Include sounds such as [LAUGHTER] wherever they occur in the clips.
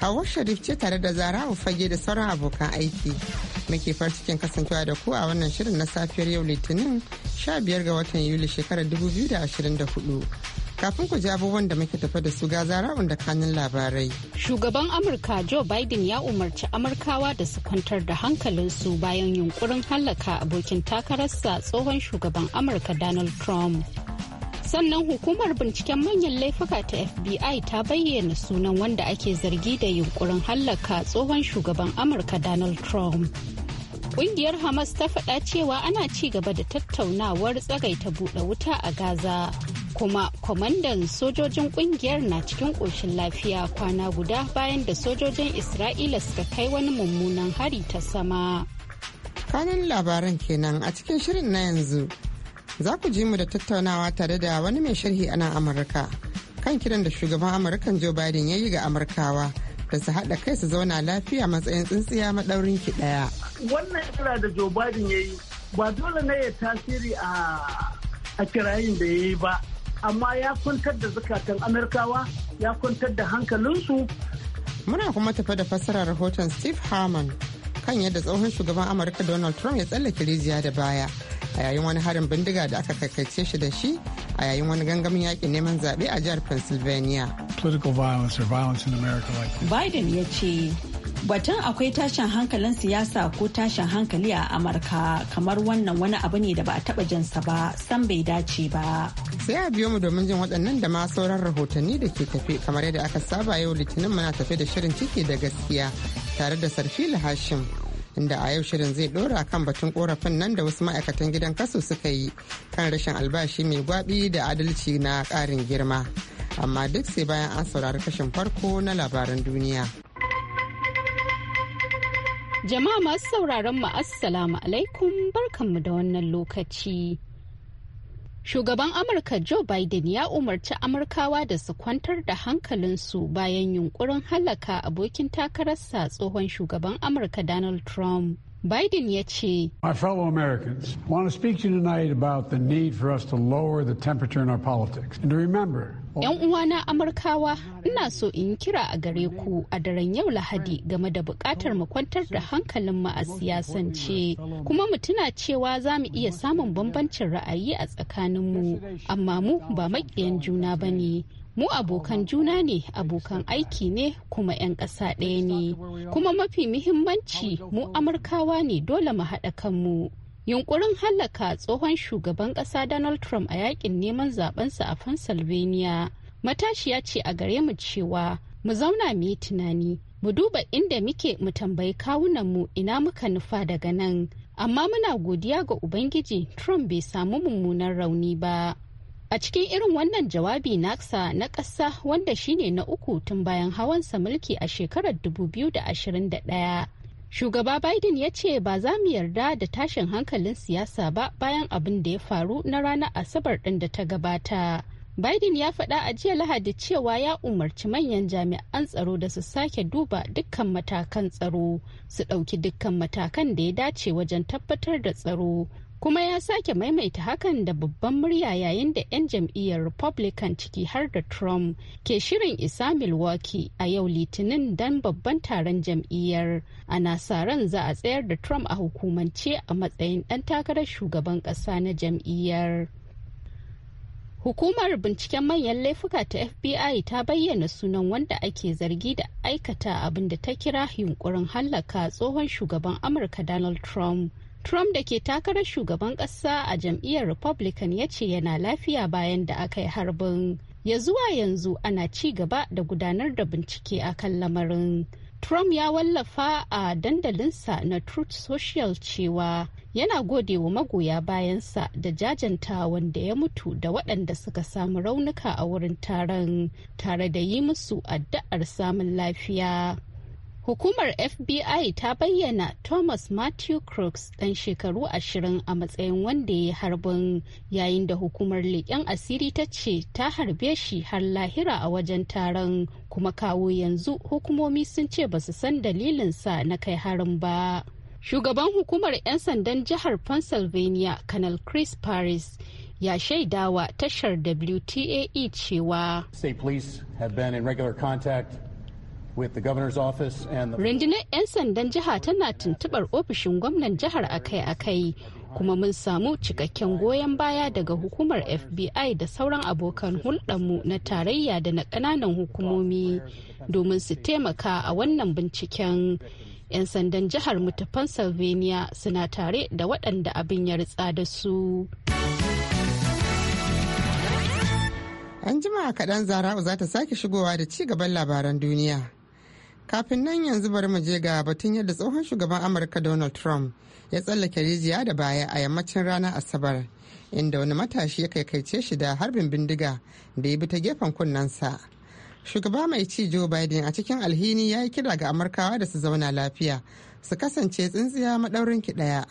Hawa Sharif ce tare da Zara Fage da sauran abokan aiki. Muke cikin kasancewa da ku a wannan shirin na safiyar yau Litinin 15 ga watan Yuli shekarar 2024. Kafin ku ji abubuwan da muke tafa da su ga zara da kanin labarai. Shugaban Amurka Joe Biden ya umarci Amurkawa da su kwantar da hankalinsu bayan yunkurin hallaka abokin takararsa tsohon shugaban Amurka Donald Trump. sannan hukumar binciken manyan laifuka ta fbi ta bayyana sunan wanda ake zargi da yunkurin hallaka tsohon shugaban amurka donald trump kungiyar hamas ta faɗa cewa ana ci gaba da tattaunawar tsagaita buɗe wuta a gaza kuma kwamandan sojojin kungiyar na cikin ƙoshin lafiya kwana guda bayan da sojojin isra'ila suka kai wani mummunan hari ta sama kanin labaran kenan a cikin shirin na yanzu za ku ji mu da tattaunawa tare da wani mai sharhi a nan amurka kan kiran da shugaban amurkan joe biden ya yi ga amurkawa da su haɗa kai su zauna lafiya matsayin tsintsiya maɗaurin ki ɗaya. wannan kira da joe biden ya yi ba dole ne ya tasiri a a kirayin da ya yi ba amma ya kwantar da zukatan amurkawa ya kwantar da hankalinsu muna kuma tafi da fassarar rahoton steve harmon kan yadda tsohon shugaban amurka donald trump ya tsallake rijiya da baya a yayin wani harin bindiga da aka kakkace shi da shi a yayin wani gangamin yakin neman zaɓe a jihar Pennsylvania. Political violence or violence in America like this. Biden ya ce batun akwai tashin hankalin siyasa ko tashin hankali a Amurka kamar wannan wani abu ne da ba a taɓa jinsa ba san bai dace ba. Sai a biyo mu domin jin waɗannan da ma sauran rahotanni da ke tafe kamar yadda aka saba yau litinin muna tafe da shirin ciki da gaskiya tare da sarfi Hashim. inda a yau shirin zai dora kan batun korafin nan da wasu ma'aikatan gidan kasu suka yi kan rashin albashi mai gwabi da adalci na ƙarin girma amma duk sai bayan an saurari kashin farko na labaran duniya jama'a masu sauraron mu assalamu alaikum barkanmu da wannan lokaci shugaban amurka joe biden ya umarci amurkawa da su kwantar da hankalinsu bayan yunkurin halaka abokin takararsa tsohon shugaban amurka donald trump Biden ya ce, My fellow Americans want to speak to you tonight about the need for us to lower the temperature in our politics and to remember 'Yan uwana Amurkawa, ina so in kira a gare ku a daren yau Lahadi game da buƙatar mu kwantar da hankalinmu a siyasance, kuma mu tuna cewa za mu iya samun bambancin ra'ayi a tsakanin mu amma mu ba maƙiyan juna ba ne. mu abokan juna ne abokan aiki ne kuma 'yan ƙasa ɗaya ne kuma mafi muhimmanci mu amurkawa ne dole mu haɗa kanmu yunkurin hallaka tsohon shugaban kasa donald trump a yakin neman zabensa a pennsylvania matashiya ce a gare mu cewa mu zauna mu yi tunani mu duba inda muke mu tambayi kawunanmu ina muka nufa daga nan amma muna godiya ga ubangiji trump bai samu mummunan rauni ba a cikin irin wannan jawabi nasa na ƙasa wanda shine na uku tun bayan hawansa mulki a shekarar 2021 Shugaba Biden ya ce ba za mu yarda da tashin hankalin siyasa ba bayan abin da ya faru na ranar Asabar ɗin da ta gabata. Biden ya faɗa a jiya Lahadi cewa ya umarci manyan jami'an tsaro da su sake duba dukkan matakan tsaro, su ɗauki dukkan matakan da ya dace wajen tabbatar da tsaro, kuma ya sake maimaita hakan da babban murya yayin da 'yan jam'iyyar republican ciki har da trump ke shirin isa milwaukee a yau litinin don babban taron jam'iyyar ana sa ran za a tsayar da trump a hukumance a matsayin ɗan takarar shugaban ƙasa na jam'iyyar Hukumar binciken manyan laifuka ta FBI ta bayyana sunan wanda ake zargi da aikata abin da ta kira yunkurin hallaka tsohon shugaban Amurka Donald Trump Trump da ke takarar shugaban ƙasa a jam'iyyar Republican ya ce yana lafiya bayan da aka yi harbin. Ya zuwa yanzu ana ci gaba da gudanar da bincike a kan lamarin. Trump ya wallafa a dandalinsa na Truth Social cewa yana gode wa magoya bayansa da jajanta wanda ya mutu da waɗanda suka samu raunuka a wurin taron tare da yi musu addu'ar samun lafiya. Hukumar FBI ta bayyana Thomas Matthew Crooks ɗan shekaru ashirin a matsayin wanda ya harbin yayin da hukumar leƙen asiri ta ce ta harbe shi har lahira a wajen taron kuma kawo yanzu hukumomi sun ce ba su san dalilinsa na kai harin ba. Shugaban hukumar 'yan sandan jihar Pennsylvania, canal Chris Paris, ya shaidawa tashar WTAE cewa. State police have been contact Rundunar 'yan sandan jiha tana tuntubar ofishin gwamnan jihar akai-akai kuma mun samu cikakken goyon baya daga hukumar FBI da sauran abokan hulɗarmu na tarayya da na ƙananan hukumomi domin su taimaka a wannan binciken. 'Yan sandan jihar mu ta Pennsylvania suna tare da waɗanda abin ya ritsa da su. An jima kaɗan zara'u za ta sake shigowa da ci gaban labaran duniya. kafin nan yanzu bari mu je ga batun yadda tsohon shugaban amurka donald trump ya tsallake rijiya da baya a yammacin ranar asabar inda wani matashi ya kaikaice shi da harbin bindiga da ya bi ta gefen kunnensa shugaba mai ci joe biden a cikin alhini ya yi kira ga amurkawa da su zauna lafiya su kasance tsintsiya maɗaurin ki ɗaya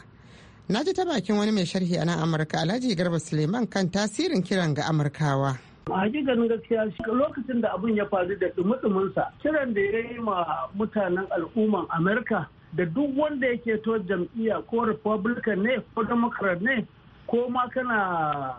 na ji ta bakin wani mai sharhi a nan amurka alhaji garba suleiman kan tasirin kiran ga amurkawa a hakikanin gaskiya lokacin da abin ya faru da dumudumunsa kiran da ya yi ma mutanen al'umman amerika da duk wanda yake to jam'iyya ko republican ne ko democrat ne ko ma kana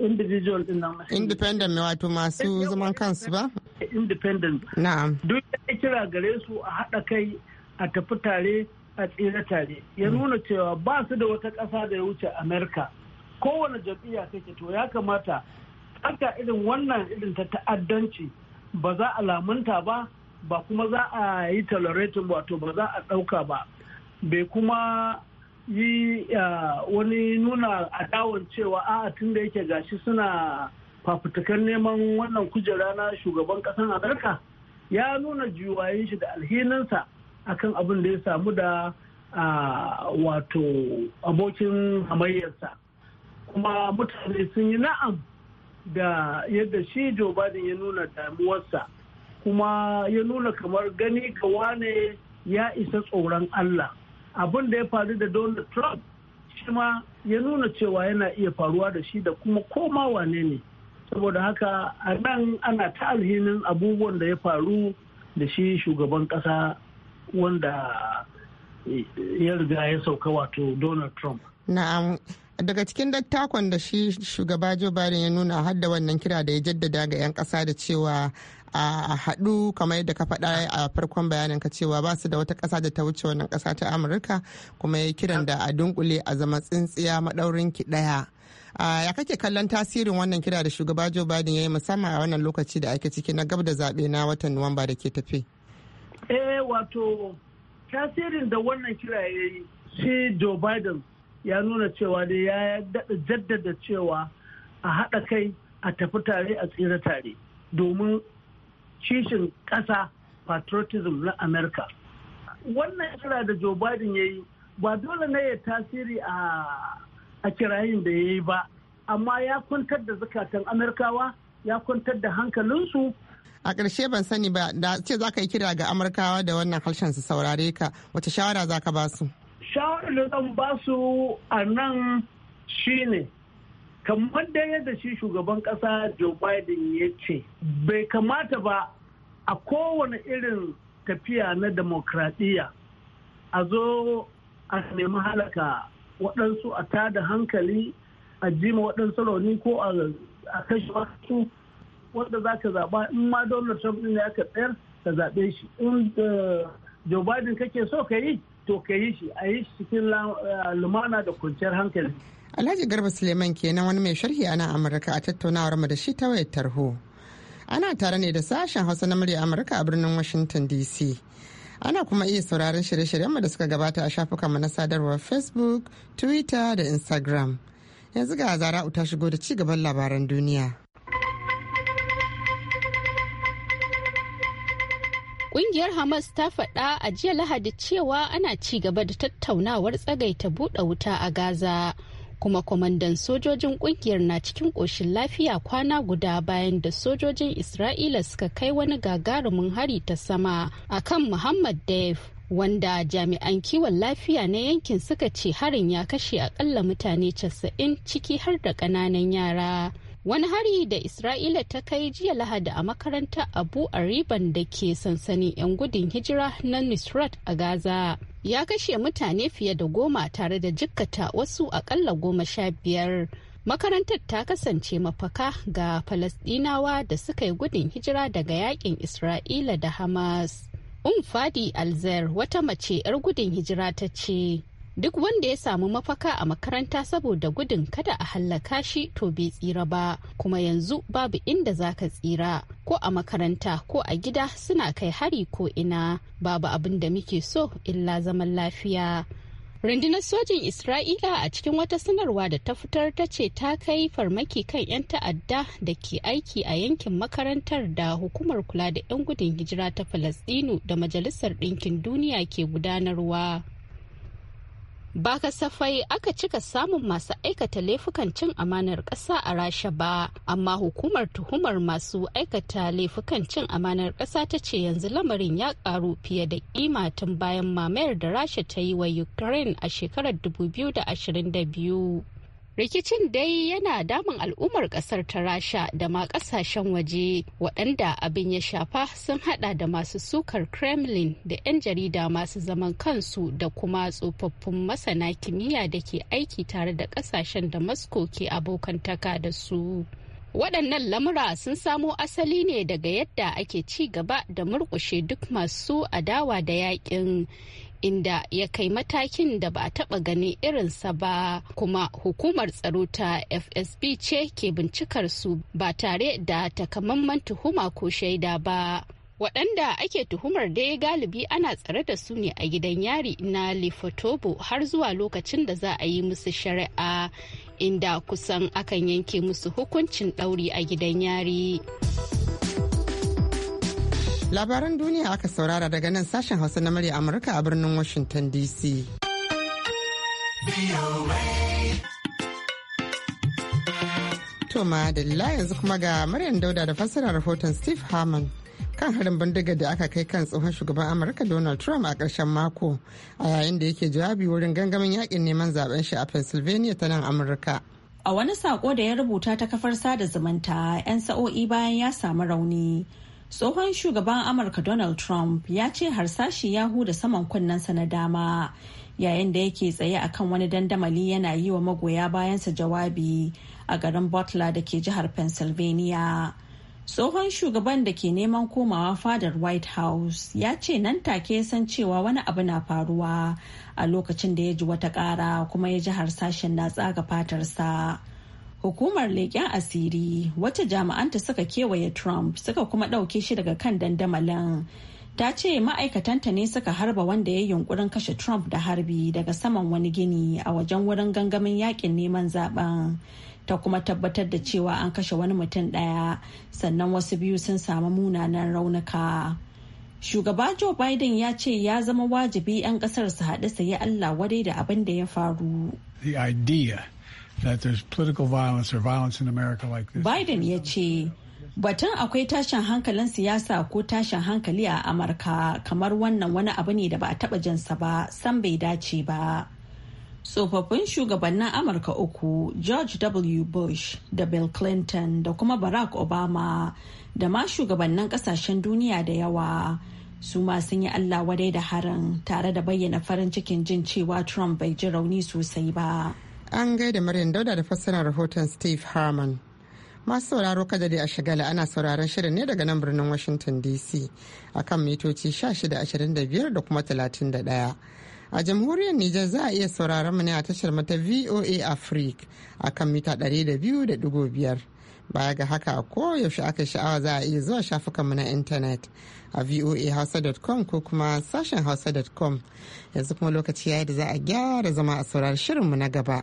individual din nan independent ne wato masu eh, zaman kansu ba independent na'am duk da kira gare su a haɗa kai a tafi tare a tsira tare ya hmm. nuna cewa ba su da wata ƙasa da ya wuce america kowane jam'iyya take to ya kamata aka irin wannan irin ta ta'addanci ba za a lamunta ba ba kuma za a yi tolerating wato ba za a ɗauka ba bai kuma yi wani nuna adawar cewa a'a tun da yake gashi suna fafutukan neman wannan kujera na shugaban ƙasar amurka ya nuna juwayen shi da alhininsa akan abin da ya samu da wato abokin hamayyarsa kuma mutane sun yi na'am da yadda shi Joe ya nuna damuwarsa kuma ya nuna kamar gani ga wane ya isa tsoron Allah abin da ya faru da Donald Trump shi ma ya nuna cewa yana iya faruwa da shi da kuma koma wane ne saboda haka a nan ana ta alhinin abubuwan da ya faru da shi shugaban kasa wanda ya riga ya sauka wato Donald Trump. Na'am. daga cikin dattakon da shi shugaba joe biden ya nuna har da wannan kira da ya jaddada ga 'yan kasa da cewa a haɗu kamar yadda ka faɗa a farkon bayanin ka cewa ba su da wata ƙasa da ta wuce wannan ƙasa ta amurka kuma ya kiran da a dunkule a zama tsintsiya maɗaurin ki ɗaya ya kake kallon tasirin wannan kira da shugaba joe biden ya yi musamman a wannan lokaci da ake ciki na gab da zaɓe na watan nuwamba da ke tafi eh wato tasirin da wannan kira ya yi shi joe biden ya nuna cewa dai ya jaddada cewa a haɗa kai a tafi tare a tsira tare domin kishin ƙasa patriotism na america wannan kira da joe biden ya yi ba dole ne ya tasiri a a kirayin da ya yi ba amma ya kwantar da zukatan amurkawa ya kwantar da hankalinsu a ƙarshe ban sani ba da ce za ka yi kira ga amurkawa da wannan harshen su saurare ka wata shawara za ka ba su shawarar da zan ba su a nan shine kamar da yadda shi shugaban kasa joe biden ya ce bai kamata ba a kowane irin tafiya na demokradiyya a zo a nemi halaka waɗansu a tada hankali a jima waɗansu rauni ko a kashe wasu wanda za ka zaɓa in ma donald trump ne aka tsayar ka zaɓe shi in eh, joe biden kake so ka yi to ka yi shi a yi shi cikin eh, lumana da kwanciyar hankali. Alhaji Garba Suleiman kenan wani mai sharhi a nan Amurka a tattaunawar mu da shi ta wayar tarho. Ana tare ne da sashen Hausa na murya Amurka a birnin Washington DC. Ana kuma iya sauraron shirye-shiryenmu da suka gabata a shafukanmu na sadarwar Facebook, Twitter da Instagram. Yanzu ga Zara'u ta shigo da ci gaban labaran duniya. Kungiyar Hamas ta faɗa a jiya Lahadi cewa ana ci gaba da tattaunawar tsagaita buɗe wuta a Gaza. Kuma kwamandan sojojin kungiyar na cikin ƙoshin lafiya kwana guda bayan da sojojin Isra'ila suka kai wani gagarumin hari ta sama a kan Muhammad Dev. Wanda jami'an kiwon lafiya na yankin suka ce harin ya kashe akalla mutane 90 ciki har da ƙananan yara. wani hari da isra'ila ta kai jiya lahadi a makarantar abu ariban da ke sansanin 'yan gudun hijira na nusrat a gaza ya kashe mutane fiye da goma tare da jikkata wasu akalla goma sha biyar makarantar ta kasance mafaka ga falasdinawa da suka yi gudun hijira daga yakin isra'ila da hamas umfadi alzer wata mace 'yar gudun hijira ta ce duk wanda ya samu mafaka a makaranta saboda gudun kada a hallaka shi to bai tsira ba kuma yanzu babu inda za ka tsira ko a makaranta ko a gida suna kai hari ko ina babu abin da muke so illa zaman lafiya rundunar sojin isra'ila a cikin wata sanarwa da ta fitar ta ce ta kai farmaki kan 'yan ta'adda da ke aiki a yankin makarantar da hukumar kula da 'yan gudun hijira ta falasdinu da majalisar ɗinkin duniya ke gudanarwa ba kasafai aka cika samun masu aikata laifukan cin amanar ƙasa a rasha ba amma hukumar tuhumar masu aikata laifukan cin amanar ƙasa ta ce yanzu lamarin ya ƙaru fiye da kima tun bayan mamayar da rasha ta yi wa ukraine a shekarar 2022 rikicin dai yana damun al'ummar kasar ta rasha da ma kasashen waje waɗanda abin ya shafa sun hada da masu sukar kremlin da 'yan jarida masu zaman kansu da kuma tsofaffin masana kimiyya da ke aiki tare da kasashen da masko ke abokantaka da su waɗannan lamura sun samo asali ne daga yadda ake ci gaba da murƙushe duk masu adawa da yakin inda ya kai matakin da ba a taɓa ganin irinsa ba kuma hukumar tsaro ta fsb ce ke bincikar su ba tare da takamaiman tuhuma ko shaida ba waɗanda ake tuhumar dai galibi ana tsare da su ne a gidan yari na lefotobo har zuwa lokacin da za a yi musu shari'a inda kusan akan yanke musu hukuncin ɗauri a gidan yari. Labaran duniya aka saurara daga nan sashen Hausa na murya Amurka a birnin Washington DC. Toma da yanzu kuma ga Maryam Dauda da fassarar rahoton Steve Harmon. kan harin bindiga da aka kai kan tsohon shugaban amurka donald trump a ƙarshen mako a yayin da yake jawabi wurin gangamin yakin neman zaben shi a pennsylvania ta nan amurka a wani sako da ya rubuta ta kafar sada zumunta 'yan sa'o'i bayan ya samu rauni tsohon shugaban amurka donald trump ya ce harsashi ya huda saman kunnensa na dama yayin da yake tsaye a kan wani dandamali yana yi wa magoya bayansa jawabi a garin butler da ke jihar pennsylvania tsohon shugaban da ke neman komawa fadar white house ya ce nan take san cewa wani abu na faruwa a lokacin da ya ji wata kara kuma ya ji harsashin na tsaga fatarsa Hukumar leƙen asiri wacce jami'anta suka kewaye Trump suka kuma ɗauke shi daga kan dandamalin. Ta ce ma'aikatanta ne suka harba wanda ya yunkurin kashe Trump da harbi daga saman wani gini a wajen wurin gangamin yakin neman zaben. Ta kuma tabbatar da cewa an kashe wani mutum ɗaya sannan wasu biyu sun samu munanan raunuka. Shugaba Joe Biden ya ce ya zama wajibi 'yan kasar su haɗu su Allah wadai da abin da ya faru. that there's political Biden ya ce batun akwai tashin hankalin siyasa ko tashin hankali a Amurka kamar wannan wani abu ne da ba a taba jinsa ba san bai dace ba. Tsofaffin shugabannin Amurka uku George W. Bush da Bill Clinton da kuma Barack Obama da ma shugabannin kasashen duniya da yawa. su ma sun yi Allah wadai da harin tare da bayyana farin cikin jin cewa Trump bai ji rauni sosai ba. An gaida Maryam Dauda da fassarar rahoton Steve Harman. Masu sauraro kada dai a shagala ana sauraron shirin ne daga nan birnin Washington DC a kan mitoci 1625 da kuma 31. A jamhuriyar Nijar za a iya sauraron mu ne a tashar mata VOA Africa kan mita 200.5. Baya ga haka a koyaushe aka sha'awa za a iya zuwa shafukanmu na intanet a voahausa.com ko kuma sashen hausa.com yanzu kuma lokaci ya da za a gyara zama a saurari shirinmu na gaba.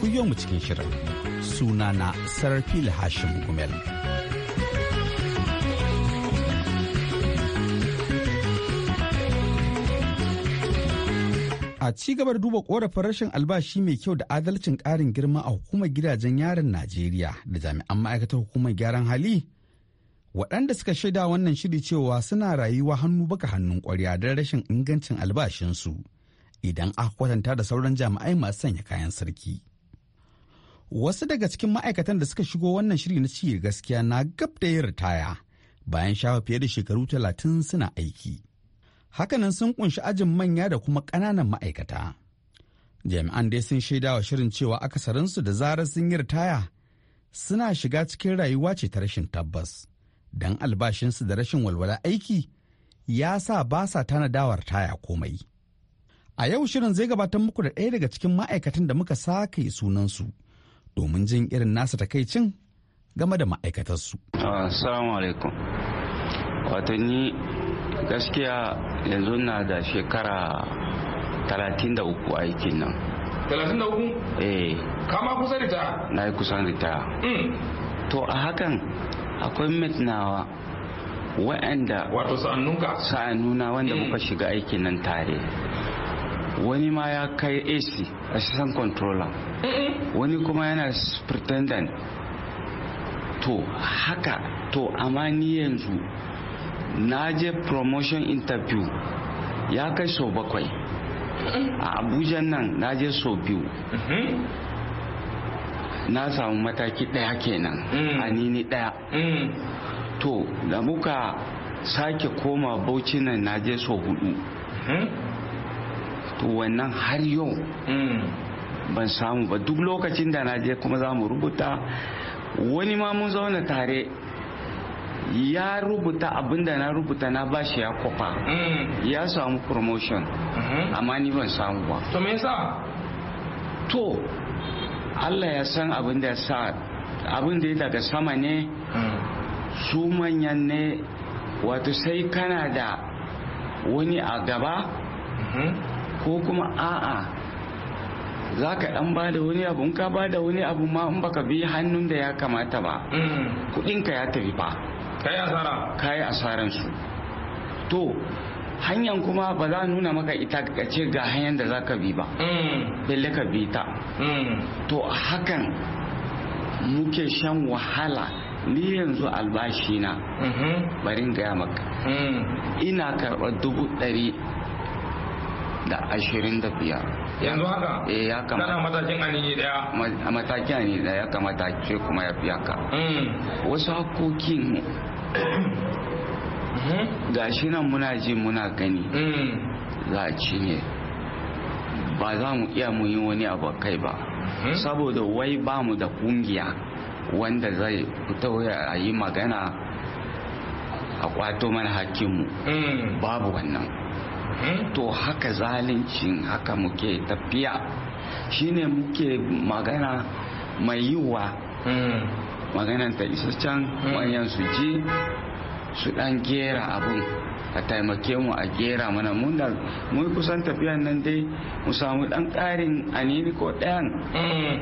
ku yi mu cikin shirin Suna na sarrafi hashim gumel a ci gaba duba korafin rashin albashi mai kyau da adalcin ƙarin girma a hukumar gidajen yarin najeriya da jami'an ma'aikatar hukumar gyaran hali waɗanda suka shaida wannan shiri cewa suna rayuwa hannu baka hannun ƙwarya don rashin ingancin albashinsu idan aka kwatanta da sauran jami'ai masu sanya kayan sarki wasu daga cikin ma'aikatan da suka shigo wannan shiri na ciye gaskiya na gab da yin ritaya bayan shafa fiye da shekaru talatin suna aiki hakanan sun kunshi ajin manya da kuma ƙananan ma'aikata jami'an dai sun shaida wa shirin cewa akasarinsu da zarar sun yi ritaya suna shiga cikin rayuwa ce ta rashin tabbas don albashinsu da rashin walwala aiki ya sa ba sa tanadawar taya komai a yau shirin zai gabatar muku da ɗaya daga cikin ma'aikatan da muka sake sunansu domin jin irin nasa takaicin game da ma'aikatarsu. Ah, assalamu alaikum. Wato ni gaskiya yanzu na da shekara 33 aikin nan. 33? Eh. Kama kusa ritaya? Na yi kusan ritaya. Mm. To a hakan akwai mitnawa wa'anda wato sa'annunka sa'annuna wanda mm. muka shiga aikin nan tare wani ma ya kai ac assistant controller wani kuma yana superintendent to haka to amma ni yanzu na je promotion interview ya kai sau bakwai a abuja nan na je sau biyu mm-hmm. na samu mataki ɗaya kenan mm. a nini ɗaya mm. to da muka sake koma bauchi nan na je sau hudu mm-hmm. to wannan har yau hmm. ban samu ba duk lokacin da na je kuma za mu rubuta wani ma mun zauna tare ya rubuta abinda na rubuta na bashi ya kofa hmm. ya samu promotion hmm. amma ni ban samu ba to me yasa to Allah ya san abinda ya sa abin da ya daga sama ne su manyan ne wato sai kana da wani a gaba ko kuma a'a za ka dan ba da wani abu in ka ba da wani abu ma in baka bi hannun da ya kamata ba mm. kudinka ya tafi fa kai asara kai asaran su to hanyar kuma ba za nuna maka ita ka ce ga hanyar da za ka bi ba mm. belle ka bi ta mm. to hakan muke shan wahala ni yanzu albashi na mm-hmm. barin gaya maka ina karɓar dubu ɗari da ashirin da biyar yanzu haka eh ya kamata kana matakin ani daya a matakin ani daya ya kamata ce kuma ya fi haka hmm. wasu hakokin hmm. ga shi nan muna ji muna gani hmm. za a ci ne ba za mu iya mu yi wani abu kai ba saboda wai ba mu da kungiya wanda zai fito a yi magana a kwato mana hakkinmu babu wannan Hmm? to haka zalincin haka muke tafiya shine muke magana mai yiwuwa hmm. maganan ta isa can hmm. manyan su ji su dan gera abun a taimake mu a gera mana mun mun kusan tafiyan nan dai mu samu dan karin anini ko dayan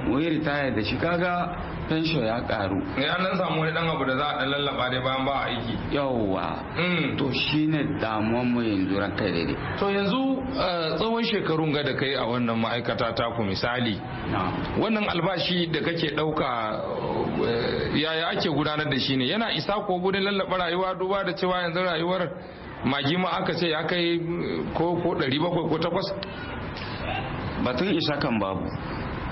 mu yi ritaya da shi kaga tensho ya karu an nan samu wani dan abu da za a lallaba dai bayan ba aiki yawa. Hmm. to shine damuwar mu yanzu ran kai daidai to yanzu eh, tsawon shekarun ga da kai a wannan ma'aikata ta ku misali wannan albashi da kake dauka eh, yaya ake gudanar da shi ne yana isa ko gudun lallaba rayuwa duba da cewa yanzu rayuwar magi ma aka ce ya kai eh, ko 700 ko 800 batun isa kan babu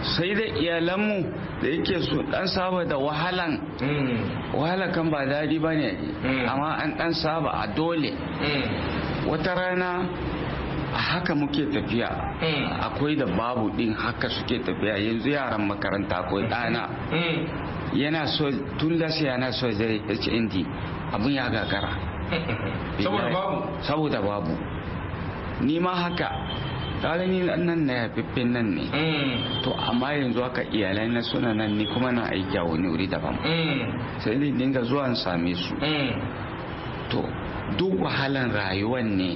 sai da iyalanmu da yake su dan saba da wahalan mm. wahala kan ba daɗi ba ne mm. amma an dan saba a dole mm. wata rana a haka muke tafiya akwai da babu ɗin haka suke tafiya yanzu yaran makaranta akwai ɗana yana so tun sai yana so zai indi abin ya gagara [LAUGHS] saboda babu ni ma haka kaga ni nan na haifaffen nan ne mm. to amma yanzu haka iyalai na suna nan ni kuma na aiki a wani wuri daban mm. sai ne dinga zuwa in same su mm. to duk wahalan rayuwan ne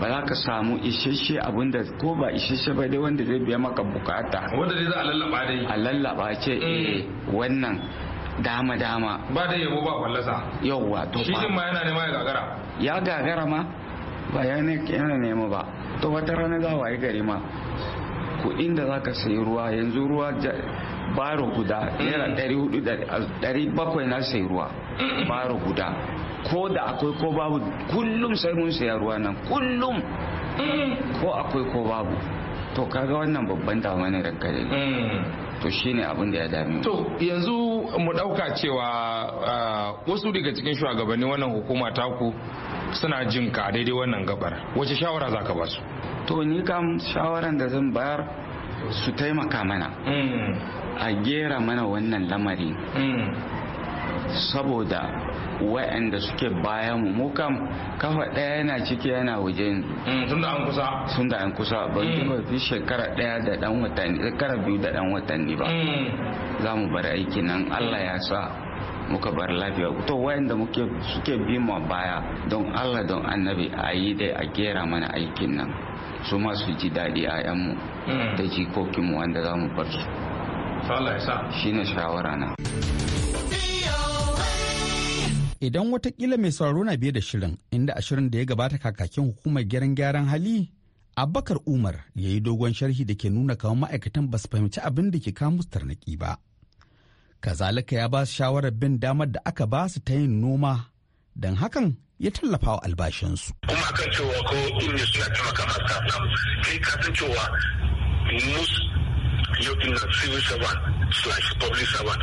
ba za ka samu isheshe abin da ko ba isheshe ba dai wanda zai biya maka bukata wanda zai za a dai a lallaba ce eh, wannan dama dama ba da yabo ba fallasa yauwa to shi din ma yana nema ya gagara ya gagara ma ba yana nema ba to wata rana za waye gari ma kuɗin da ka sayi ruwa yanzu ruwa baro guda naira ɗari hudu ɗari bakwai na sayi ruwa baro guda ko da akwai ko babu kullum sai mun saya ruwa nan kullum ko akwai ko babu to kaga wannan babban damar ne da kare mm. to shine abin da ya dame to yanzu mu ɗauka cewa wasu daga cikin shugabannin wannan hukuma taku suna jin ka daidai wannan gabar wace shawara za ka ba to ni kam shawaran da zan bayar su taimaka mana mm. a gera mana wannan lamarin mm. saboda wa'anda suke bayan mu kam kafa ɗaya yana ciki yana waje mm, tun da an kusa tun da an kusa ban ba mm. fi shekara ɗaya da ɗan watanni shekara biyu da ɗan watanni ba mm. za mu bar aiki nan allah ya sa muka bar lafiya to wayanda muke suke bi ma baya don Allah don annabi ayi yi dai a gera mana aikin nan su ma su ji daɗi a mu da mu wanda za mu bar su. Allah ya sa. Shi ne shawara na. Idan watakila mai sauraro na biye da shirin inda ashirin da ya gabata kakakin hukumar gyaran gyaran hali Abakar Umar ya yi dogon sharhi da ke nuna kamar ma'aikatan ba su fahimci abin da ke kamu su tarnaki ba. Kazalika ya ba su shawarar bin damar da aka ba su ta yin noma don hakan ya tallafa wa albashinsu. Kuma kan cewa ko inda suna taimaka masu kai ka cewa mus yau ina civil servant slash public servant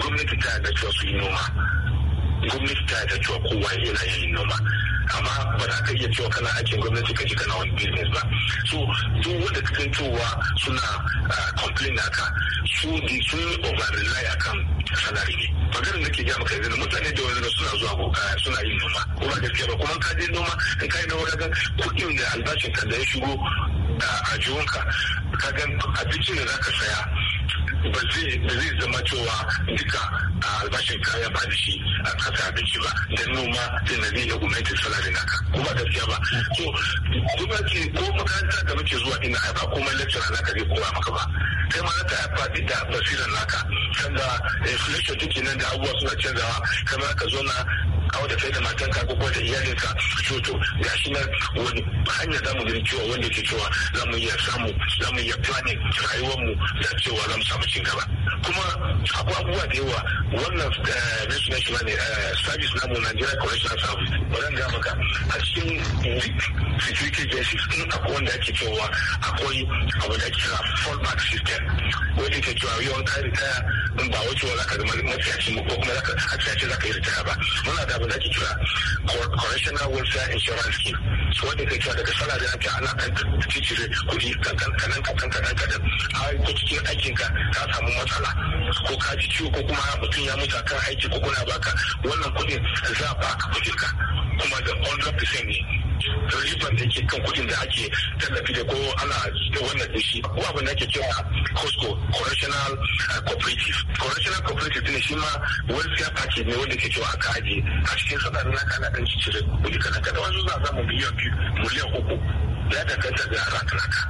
gwamnati ta yarda cewa su yi noma gwamnati ta cewa kowa yana yin noma amma ba za ka iya cewa kana aikin gwamnati ka ji kana wani business ba so duk wanda ka san cewa suna ah, complain haka su di su over rely akan salary ne maganar da ke ga maka yanzu mutane da wani suna zuwa ah, suna yin noma kuma gaskiya ba kuma ka je noma in ka yi na wajen kuɗin da albashin ka da ya shigo ah, a jiwonka kaga abincin da za ka saya ba zai zama cewa duka albashin kaya ba da shi a kasa abinci ba don noma da na zai da gwamnatin salari naka kuma gaskiya ba so gwamnati ko makaranta da muke zuwa ina ba kuma lecturer ka zai koya maka ba kai ma naka ya faɗi da basiran naka sanda inflation eh, duk nan da abubuwa suna canzawa kamar ka zo na aure da kai da ka ko da ka to to ga shi nan wani hanya zamu gani cewa wanda ke cewa zamu iya samu zamu iya planning rayuwar mu da cewa zamu samu cin gaba kuma akwai abubuwa da yawa wannan nasu na shima ne service namu Nigeria Correctional Service wannan ga maka a cikin security agencies in akwai wanda ake cewa akwai abu da ake kira fallback system wanda ke cewa yawan ka ritaya ba wacewa zaka zama mafiyaci ko kuma zaka a za ka yi ritaya ba muna da abin da ake kira correctional welfare insurance scheme su wanda ke cewa daga salari ake ana kan cicire kuɗi kanan kanan kanan kanan a ko cikin aikinka ka samu matsala ko ka ji ciwo ko kuma mutum ya mutu kan aiki ko kuna baka wannan kuɗin za a baka kuɗinka kuma da 100% ne riban da yake kan kudin da ake tallafi da ko ana wannan da shi ko abin da ake kira costco correctional eh, cooperative correctional cooperative ne shi ma welfare package ne wanda ke cewa aka aje a cikin sanar na kana dan cire kudi kana kada wasu za samu miliyan biyu miliyan uku ya danganta da rakanaka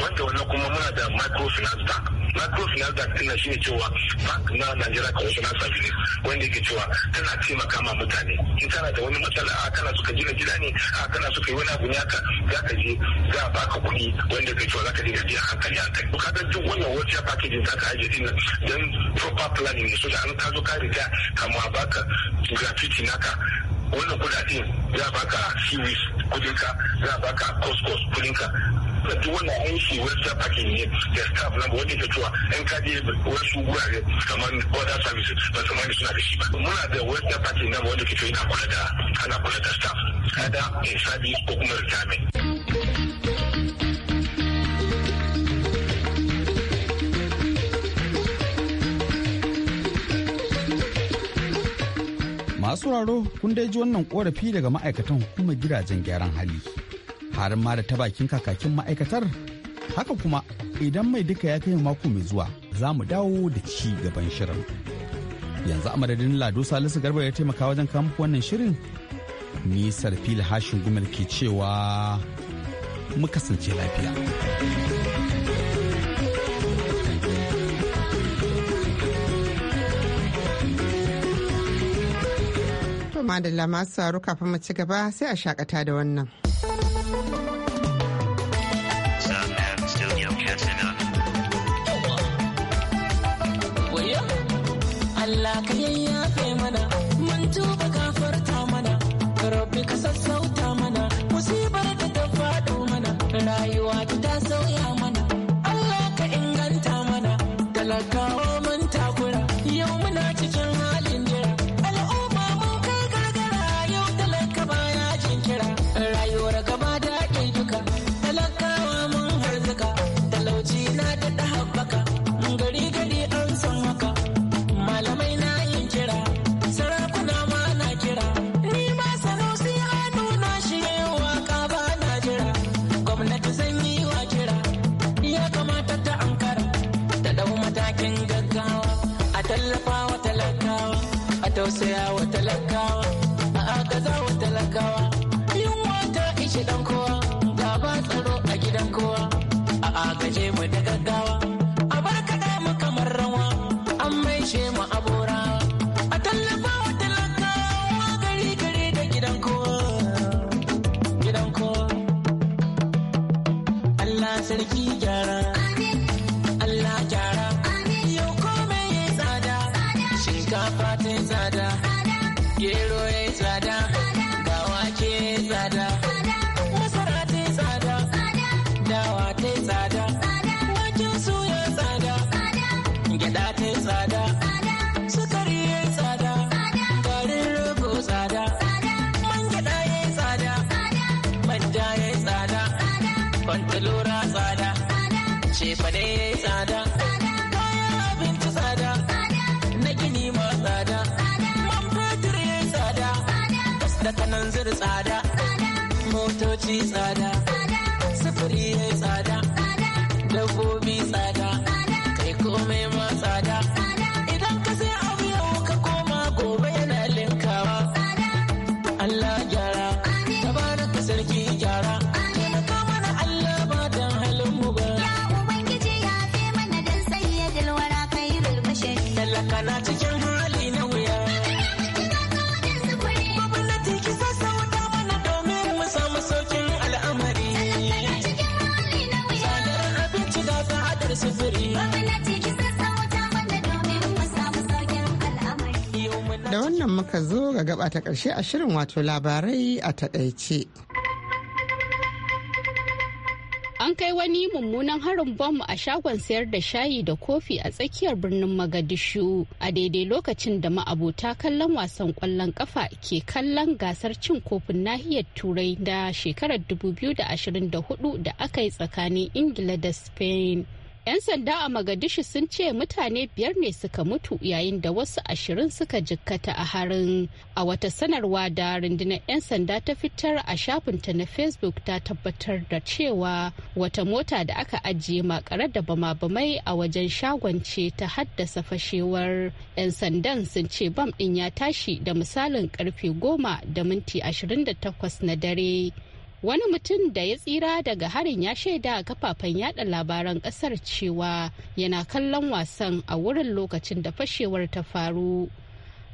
wanda wannan kuma muna da microfinance bank na microfinance da tana shi ne cewa bank na Nigeria Commercial Services wanda yake cewa tana taimaka ma mutane in kana da wani matsala a kana suka gina gida ne a kana suka yi wani abu ne haka za ka je za a baka kuɗi wanda yake cewa za ka dinga biya hankali hankali to kada duk wannan wheelchair packaging za ka ajiye din nan don proper planning ne so da an ka zo ka riga kama baka gratuity naka wannan kudaden za a baka series kudinka za a baka cost cost kudinka da duk wannan aiki wani staff ake ne da staff na wani ke cewa in ka je wasu gurare kamar order services ba mani suna da shi ba muna da wani staff ake na wanda ke cewa yana kula da ana kula da staff kada in sabi ko kuma retirement masu raro kun dai ji wannan korafi daga ma'aikatan hukumar gidajen gyaran hali har ma da ta bakin kakakin ma'aikatar haka kuma idan mai duka ya kai mako mai zuwa za mu dawo da ci gaban shirin yanzu a madadin lado salisu garba ya taimaka wajen kamfu wannan shirin ni sarfil hashin gumel ke cewa mu kasance lafiya madalla masu sauraro kafin mu ci gaba sai a shakata da wannan da kananzir tsada motoci tsada sufuri ya tsada dabbobi tsada kai komai muka zo ga gaba ta ƙarshe a shirin wato labarai a taɗaice An kai wani mummunan harin bom a shagon sayar da shayi da kofi a tsakiyar birnin Magadishu a daidai lokacin da ma'abota kallon wasan kwallon kafa ke kallon gasar cin kofin nahiyar Turai da shekarar 2024 da aka yi tsakanin Ingila da Spain. 'Yan sanda a Magadishu sun ce mutane biyar ne suka mutu yayin da wasu ashirin suka jikkata a harin. A wata sanarwa da rundunar 'yan sanda ta fitar a shafinta na Facebook ta tabbatar da cewa wata mota da aka ajiye makarar da bama-bamai a wajen shagon ce ta haddasa fashewar. 'Yan sandan sun ce bam ɗin ya tashi da misalin karfe goma da minti 28 na dare. wani mutum da ya tsira daga harin ya shaida kafafen yada labaran kasar cewa yana kallon wasan a wurin lokacin da fashewar ta faru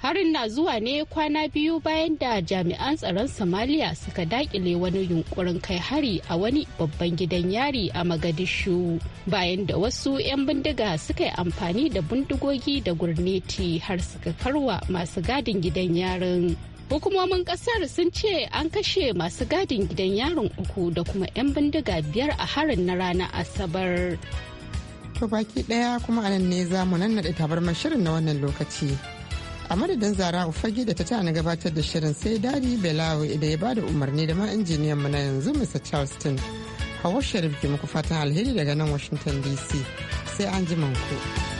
harin na zuwa ne kwana biyu bayan da jami'an tsaron somalia suka dakile wani yunkurin kai hari a wani babban gidan yari a magadishu bayan da wasu 'yan bindiga suka yi amfani da bindigogi da gurneti har suka karwa masu gadin gidan yarin hukumomin kasar sun ce an kashe masu gadin gidan yaron uku da kuma 'yan bindiga biyar a harin na ranar asabar to baki daya kuma anan ne za mu nan naɗe tabarmar shirin na wannan lokaci a madadin zara ufage da ta na gabatar da shirin sai dadi belawo idan ya ba da umarni da ma injiniyan mu na yanzu mr charleston hawa sharif ke muku fatan alheri daga nan washington dc sai an ji ku.